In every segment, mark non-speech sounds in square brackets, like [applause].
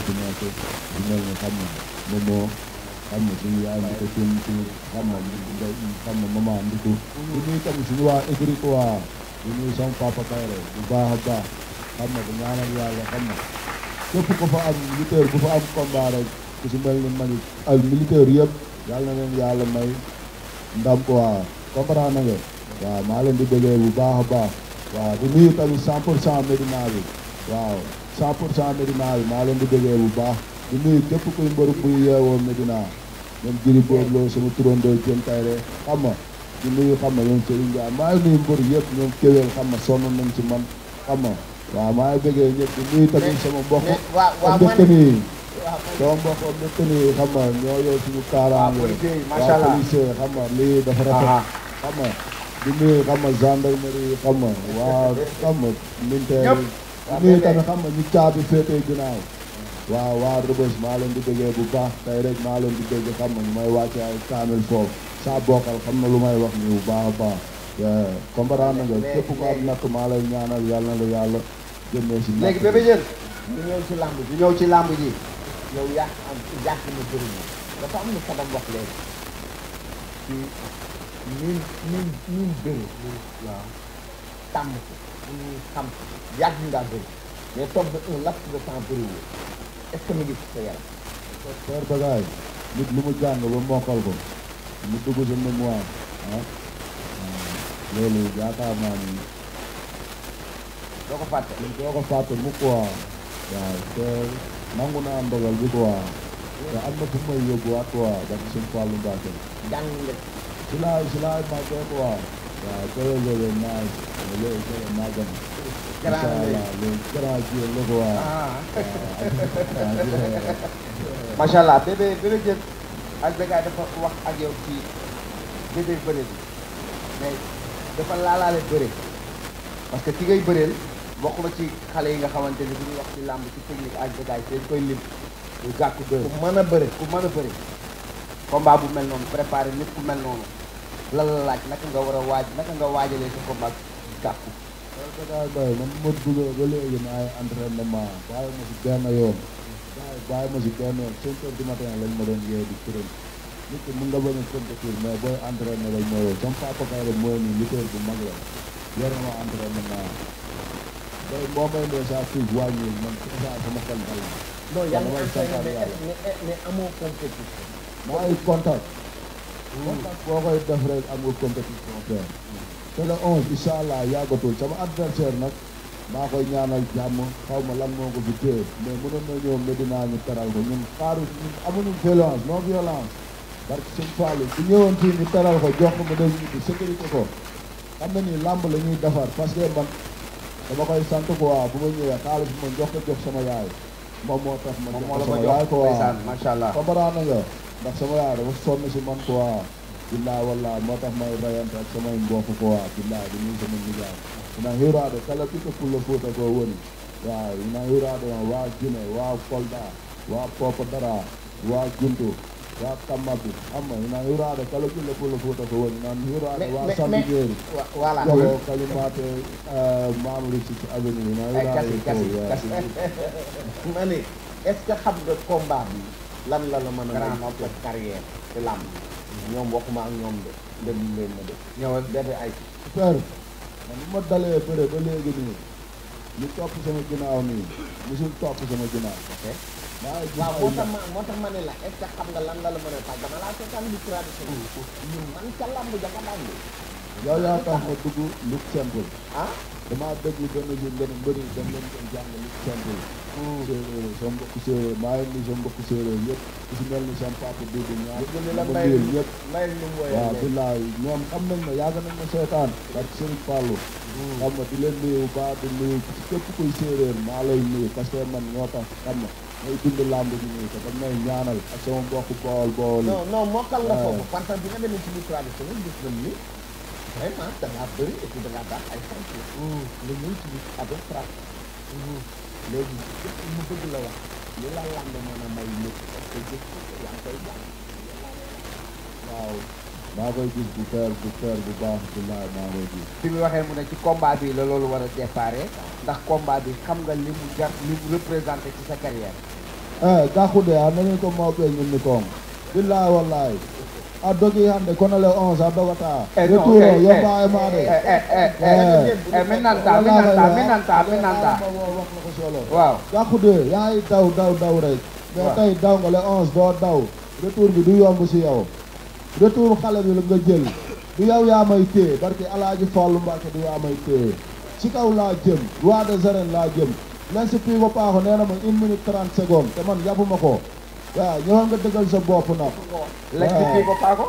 ñu commencé di mel ne xam nga moom moo xam yaay di bu baax a baax xam nga di ñaanal yàlla xam nga képp ku fa am militaire bu fa yëpp yàlla na leen yàlla may ndam quoi comprendre na nga waaw maa leen di déggee bu baax baax waaw di nuyu tamit 100 pour cent Médina waaw cent pour cent Médina bi maa leen di déggee bu baax di nuyu képp kuy mbëru buy yeewoo Médina ñoom Giri Boodloo sama turandoo Jën Kayre xam ma di nuyu xam ma ñoom Serigne Ndiaye maa ngi nuyu yëpp ñoom kéwél xam ma sonn nañ ci man xam ma ah, ah, ah. waa xam ma militaire nii tamit xam nga ñu caabi féetee ginnaaw waaw waa Rebeuss maa leen di déggee bu baax tey rek maa leen di dégg xam nga ñu may wàcce ay kaamil foofu saa bokkal xam na lu may wax nii bu baax a baax eh, comprendre nga képp ko am nak maa lay ñaanal yàlla na la yàlla jëmee si léegi Bébé Diène ñu ñëw ci làmb ji ñëw yow yàq am yàq na jëriñu dafa tàmm ci bu ñu xam yàgg ngaa bëri mais toog ba un laps de temps bëriwul mu ngi ci sa yaram docteur Bagaye nit lu mu jàng ba mokkal ko mu dugg sa mémoire ah loolu yaakaar naa ni doo ko fàtte doo ko fàtte mu quoi waaw te nangu naa ndogal bi quoi te am na fu may yóbbuwaat quoi daf suñ fàllu mbàkke jàng nga si laay si laay màggee quoi waaw kërë ngeen [laughs] doon naaj loolu kërë naajam. garaaf loolu ko waa. macha allah bébé bébé jën ak béykat dafa wax ak yow ci bébé bëre bi dafa laalaale bëre parce que ki ngay bëreel bokk na ci xale yi nga xamante ni bu wax ci làmb ci technique ak béykat dañ koy lim. lu gàkku bëre ku mën a bëre ku mën a bëre. combat bu mel noonu préparé nit ku mel noonu. lan la laaj naka nga war a waaj naka nga waajalee sa combat gàkku. loolu man ma duggee ba léegi ma ay entraînement bàyyi ma si benn yoon. bàyyi bàyyi ma si benn yoon cinq heures matin lañ ma doon yee di kuréel. nit ki nga bañ a compétir mais booy entraîné lañ ma yoon sama papa bu ma entraînement. tey boo may dee saa suuf wàññiwul man su ma sama xel dal. non yàlla mais amoo compétition. mooy contact. boo koy def rek am nga compétition fair te le onze yàggatul sama adversaire nag maa koy ñaanal jàmm xaw ma lan moo ko fi téye mais mënoon a ñëw Medina ñu teral ko ñun xaaru ñun amuñu violence non violence parce que suñu faali bu ñëwoon fii ñu teral ko jox ko mu sécurité ko xam na ni làmb la ñuy defar parce que dama koy sant ko bu ma ñëwee xaalis ma jox ko jox sama yaay moom moo tax ma jox ko sama yaay ko waa macha allah comprendre nga ndax sama yaay dafa sonn si man quoi billaa wallaa moo tax may rayante ak samay mbokk quoi billaa di nuyu sama nijaay ina hiiraade kala ɓiɗɗo pullo fuuta ko woni waaw ina hiiraade on waa Guinée waa Kolda waa Pokodara waa Goundou waa Tambacounda xam nga ina kala ɓiɗɗo ko woni noon hiiraade waa Sambijeeri voilà ko kalimaate euh, Mamadou Cissé avenue ina hiiraade kasi kasi kasi [laughs] ma ne est ce que xam nga combat bi lan la la mën a. grand ma pour carrière ci làmb. ñoom waxuma ak ñoom de ndem leen de. ay. père ma dalee ba léegi nii ñu topp sama ginnaaw nii musul topp sama ginnaaw. ok waaw moo moo tax ma ne la est ce nga lan la la mën a tàgg dama laa seetaan lu traditionnel. Mm. man ca làmb ja nga daan yow yaa tax ma dugg lu simple. Ah? damaa déglu benn jour nga ne mbëri dañ leen koy jàngal li sant yi. séeréer sama mbokku séeréer maa ngi nuyu sama séeréer yëpp ku si mel ni sama papa Doudou ñaar. yëpp ñu la may yëpp waaw billaay ñoom xam nañ ma yàgg nañ ma seetaan ak Serigne Fallou. Hmm. xam nga di leen nuyu ba di nuyu képp kuy séeréer maa lay nuyu parce man ñoo tax xam nga mooy dund làmb bi nii te dañ may ñaanal ak sama mbokku bool bool. non non mokkal nga ah. foofu parce que bi nga demee ci biir tradition gis nañ ni. vraiment bëri et puis baax ay sant la. nga ñëw ci biir mu bëgg la wax li la làmb mën a may lépp parce que yaa ngi koy jàng. waaw maa koy gis bu tër bu tër bu baax bi laa maa koy gis. fi mu waxee mu ne ci combat bi la loolu war a déparé ndax combat bi xam nga li mu jar li mu représenté ci sa carrière. eh Gackou de ah nañu ko moo koy ñun ni koom. billaay wallaay. adoki hande kono le 11 adogota eh, retouro eh, yobbawe eh, maɗe min nanta min nanta min nanta min nanta ko solo waaw yakkude yahay daw daw daw rek mais tey daw nga le 11 doo daw retour bi du yomb si yow retour xale bi la nga jël du yow yaa may téye barki alaaji Fallou Mbacke du yaa may téye ci kaw laa jëm roi des arènes laa jëm l'inspi ba paaxu nee na ma une minute trente secondes te man yàppuma ko waaw ñëwoon nga dëggal sa bopp nag. lekk fii ko paako.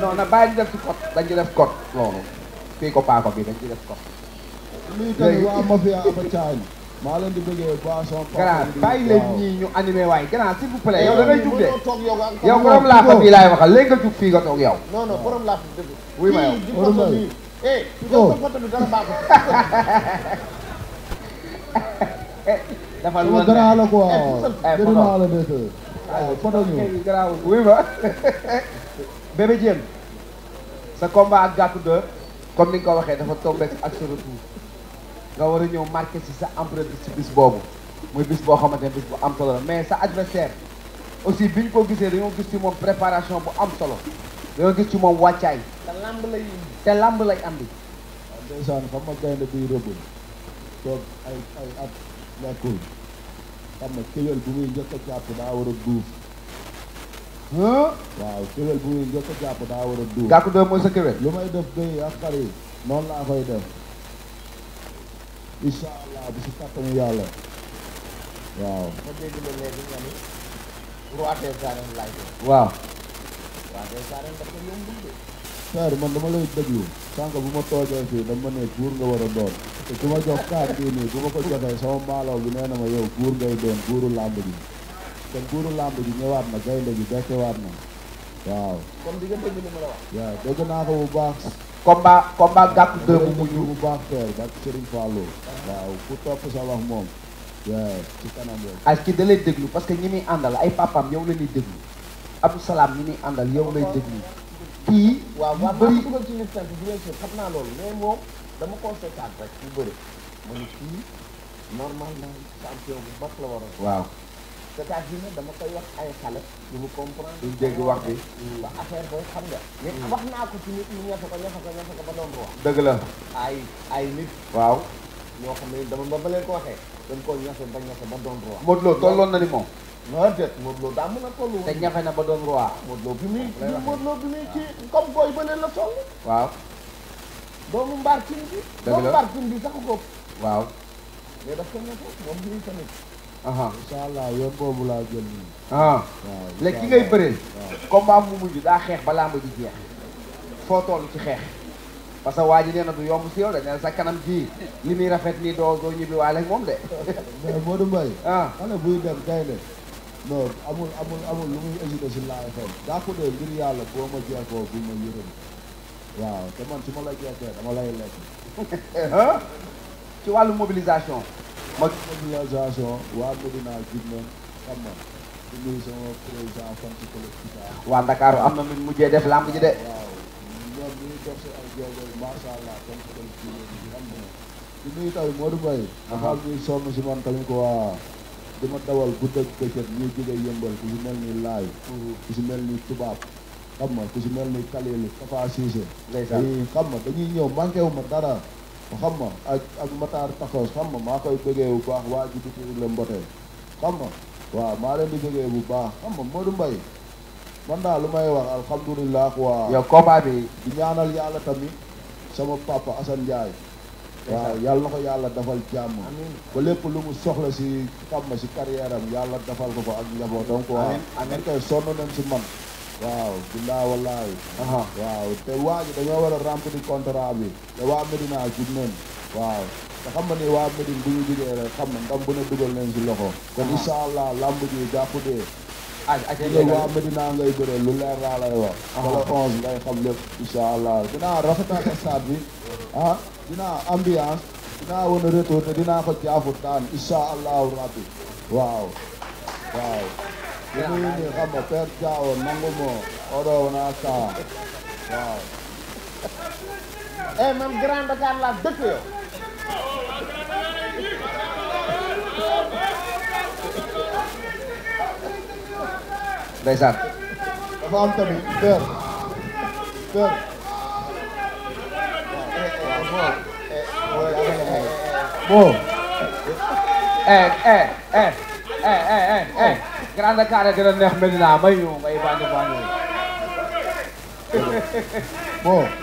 non na bàyyi def si kot dañ def kot loolu. fii ko paako bi dañ ci def kot. léegi tamit waa mafia Abba di bëggee boisson. gannaaw bàyyi leen ñii ñu animé waay gannaaw s'il vous plaît yow da ngay jug de. yow borom laafa bii laay waxal léegi nga jug fii nga toog yow. non non borom laafa bi dëgg. wuy ma yow [laughs] foto ñu garaawul oui ma [laughs] bébé Diène sa combat ak gàttu de comme ni nga ko waxee dafa tombé ak sa retour nga war a ñëw marqué si sa empreinte si bis boobu muy bis boo xamante ne bis bu am solo mais sa adversaire aussi bi ñu ko gisee dañoo gis ci moom préparation bu am solo dañoo gis ci moom wàccaay te lamb lay te lamb lay andi ndeysaan xam nga gaynde biy rëbb toog ay ay at lekkul xam na kéwel bu muy njëkk a jàpp daa war a duuf waaw kéwél bu muy njëkk jàpp daa war a duuf gàkku doom mooy sa kéwél lu may def béy ak yi noonu laa koy def incha allah si kàttanu yàlla waaw Frère man dama lay déglu sànq bu ma toogee fii dama ne buur nga war a doon te ku ma jox kaat bii nii bu ma ko joxee sama mbaalaw bi nee na ma yow buur ngay doon buuru làmb ji te buuru làmb ji ñëwaat na gaynde ji dekkewaat na waaw. comme di nga dégg li ma la wax. waaw dégg naa ko bu baax. combat combat gàpp deux bu mujj bu baax frère ba Serigne Fallou waaw ku topp sa wax moom waaw ci kanam loolu. as ki da lay déglu parce que ñi muy àndal ay papam yow la ñuy déglu Abdou Salam ñi muy àndal yow lay déglu. kii. waaw ma bëri dugal ci nit tànk dugal ci xam naa loolu mais moom dama conséquent rek bu bëri ma ne kii normalement champion bu mag la waroon. waaw c'est-à-dire ne dama koy wax ay xale. ñu mu comprendre. ñu dégg wax bi. wax affaire boobu xam nga. mais mm. wax naa ko ci nit ñi ñafe ko ñafe ko ñafe ko ba doon wax. dëgg la. ay ay nit. waaw. ñoo xam ne dama ba ba leen ko waxee. dañ koo ñafe ba ñafe ba doon wax. Modou Lo tolloon na ni moom. non déet Modou Lo daa mën a tollu. te ñafe na ba doon roi. Modou Lo bi muy Modou Lo bi muy ci ah. comme booy bële la toll. waaw. doomu mbaar cin bi. doomu mbaar cin bi sax góob. waaw. mais daf ko nekk moom bi tamit. incha allah yoon boobu laa jël nii. waaw léegi ki ngay bëreel. combat bu mujj daa xeex ba laa ji jeex. foo toll ci xeex. parce que waa ji nee na du yomb si yow de sa kanam gii li muy rafet nii doo doo ñibbi waale moom de. [laughs] mais Modou ah xale buy dem gaynde non amul amul amul lu muy hésité si La FM Gackou de ngir yàlla boo ma jeexoo bu ma yërëm waaw te man su ma la jeexee dama lay lekk [laughs] ci wàllu mobilisation ma mobilisation waa Medina jig nañ xam nga di nuyu sama président fan si collectif waa Ndakaaru am na nu mujjee def lamb ji de waaw ñoom ñu ngi def si ay jéego macha allah fan si collectif xam nga di nuyu tamit Modou Mbaye dafa am ñuy sonn si man tamit quoi di ma dawal guddeeg bëccëg ñuy jógee yëmbal ku si mel ni laay mhm. ku si mel ni tubaab xam ma ku si mel ni Kalilu Kafa Cissé xam ma dañuy ñëw manqué wu ma dara xam ma ak ak Matar Takos xam ma maa koy bëggee bu baax waa ji biti la mbote xam ma waaw maa leen di bëggee bu baax xam ma Modou Mbaye man daal lu may wax alhamdulilah quoi yow combat bi di ñaanal yàlla tamit sama papa Assane Ndiaye waaw yàlla na ko yàlla dafal jàmm ba lépp lu mu soxla si xam na si carrière yàlla dafal ko ko ak njabootam ko waaw nen koy sonn nañ si man waaw billaa wallaay waaw te waa ji dañoo war a remplir contrat bi te waa Medina jub neen waaw te xam nga ni waa Medina bu xam na ndam bu ne dugal leen si loxo lamb ji jàpp dee ah ak waa Medina ngay bëree lu leer laa lay wax. wala ngay xam lépp incha allah dinaa rafetal stade bi dina ambiance dina wone retour te dina ko jaafut taan insha allah rabbi waaw waaw yemuyini xam nga fer jaaw nangumo odo oɗo sa wow eh mam grand dakar la dekk yo ndeysaan dafa am tamit père père Bom. É, é, é, é, é, é, é. Grande cara que não é melhor, mas vai mas não, mas não. Bom.